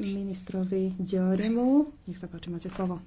ministrovi Diorimu. Nech sa páči, máte slovo.